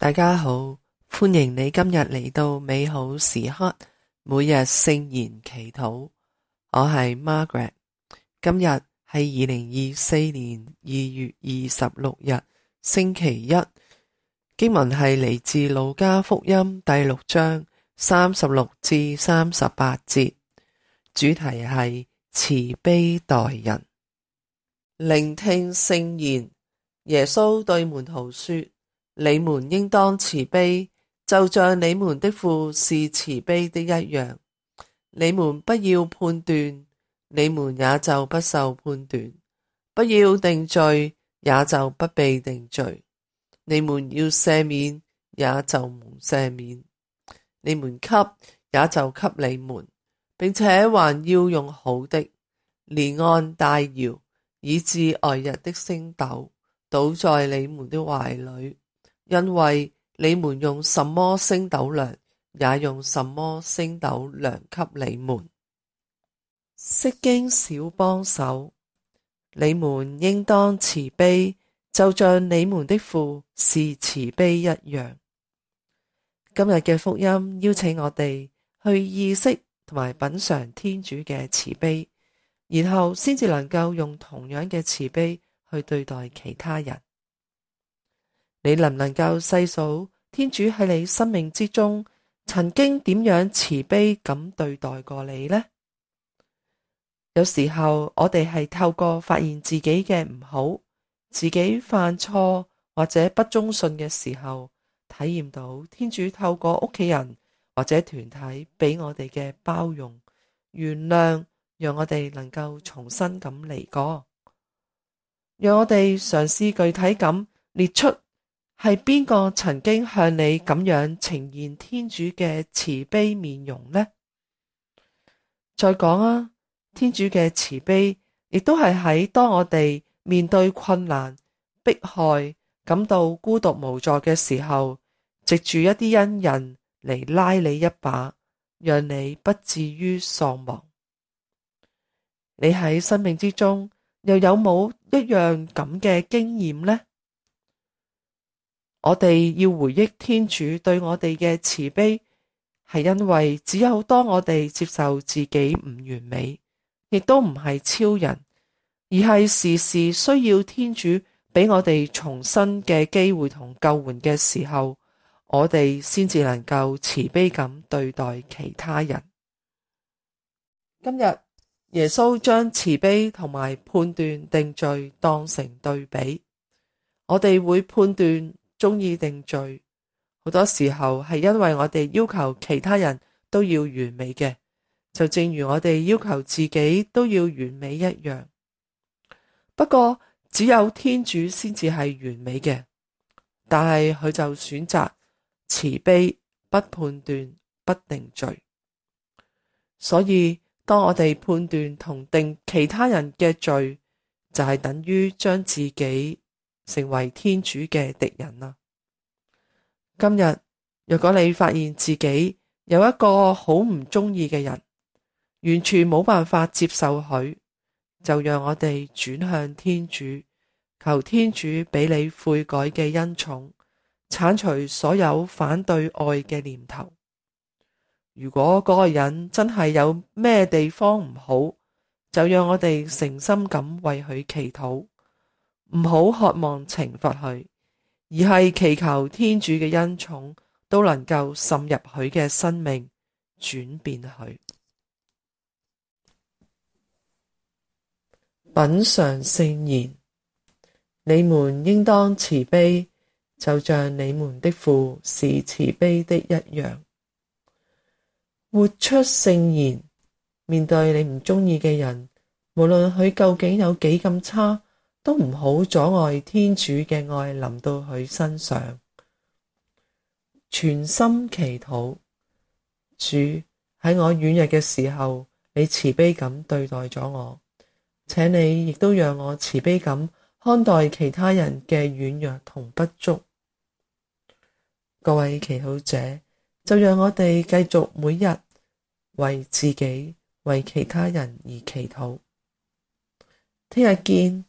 大家好，歡迎你今日嚟到美好時刻每日聖言祈禱。我係 Margaret，今日係二零二四年二月二十六日星期一。經文係嚟自《路加福音》第六章三十六至三十八節，主題係慈悲待人。聆聽聖言，耶穌對門徒說。你們應當慈悲，就像你們的父是慈悲的一樣。你們不要判斷，你們也就不受判斷；不要定罪，也就不被定罪。你們要赦免，也就蒙赦免。你們給，也就給你們，並且還要用好的，連按帶搖，以致外溢的升斗，倒在你們的懷裏。因為你們用什麼升斗量，也用什麼升斗量給你們。釋經小幫手，你們應當慈悲，就像你們的父是慈悲一樣。今日嘅福音邀請我哋去意識同埋品嘗天主嘅慈悲，然後先至能夠用同樣嘅慈悲去對待其他人。你能唔能夠細數天主喺你生命之中曾經點樣慈悲咁對待過你呢？有時候我哋係透過發現自己嘅唔好、自己犯錯或者不忠信嘅時候，體驗到天主透過屋企人或者團體俾我哋嘅包容、原諒，讓我哋能夠重新咁嚟過，讓我哋嘗試具體咁列出。係邊個曾經向你咁樣呈現天主嘅慈悲面容呢？再講啊，天主嘅慈悲亦都係喺當我哋面對困難、迫害，感到孤獨無助嘅時候，藉住一啲恩人嚟拉你一把，讓你不至於喪亡。你喺生命之中又有冇一樣咁嘅經驗呢？我哋要回憶天主對我哋嘅慈悲，係因為只有當我哋接受自己唔完美，亦都唔係超人，而係時時需要天主俾我哋重新嘅機會同救援嘅時候，我哋先至能夠慈悲咁對待其他人。今日耶穌將慈悲同埋判斷定罪當成對比，我哋會判斷。中意定罪，好多時候係因為我哋要求其他人都要完美嘅，就正如我哋要求自己都要完美一樣。不過只有天主先至係完美嘅，但係佢就選擇慈悲，不判斷，不定罪。所以當我哋判斷同定其他人嘅罪，就係等於將自己。成為天主嘅敵人啦！今日若果你發現自己有一個好唔中意嘅人，完全冇辦法接受佢，就讓我哋轉向天主，求天主俾你悔改嘅恩寵，鏟除所有反對愛嘅念頭。如果嗰個人真係有咩地方唔好，就讓我哋誠心咁為佢祈禱。唔好渴望懲罰佢，而係祈求天主嘅恩寵都能夠滲入佢嘅生命，轉變佢。品嘗聖言，你們應當慈悲，就像你們的父是慈悲的一樣。活出聖言，面對你唔中意嘅人，無論佢究竟有幾咁差。都唔好阻礙天主嘅愛臨到佢身上，全心祈禱。主，喺我軟弱嘅時候，你慈悲咁對待咗我，請你亦都讓我慈悲咁看待其他人嘅軟弱同不足。各位祈禱者，就讓我哋繼續每日為自己、為其他人而祈禱。聽日見。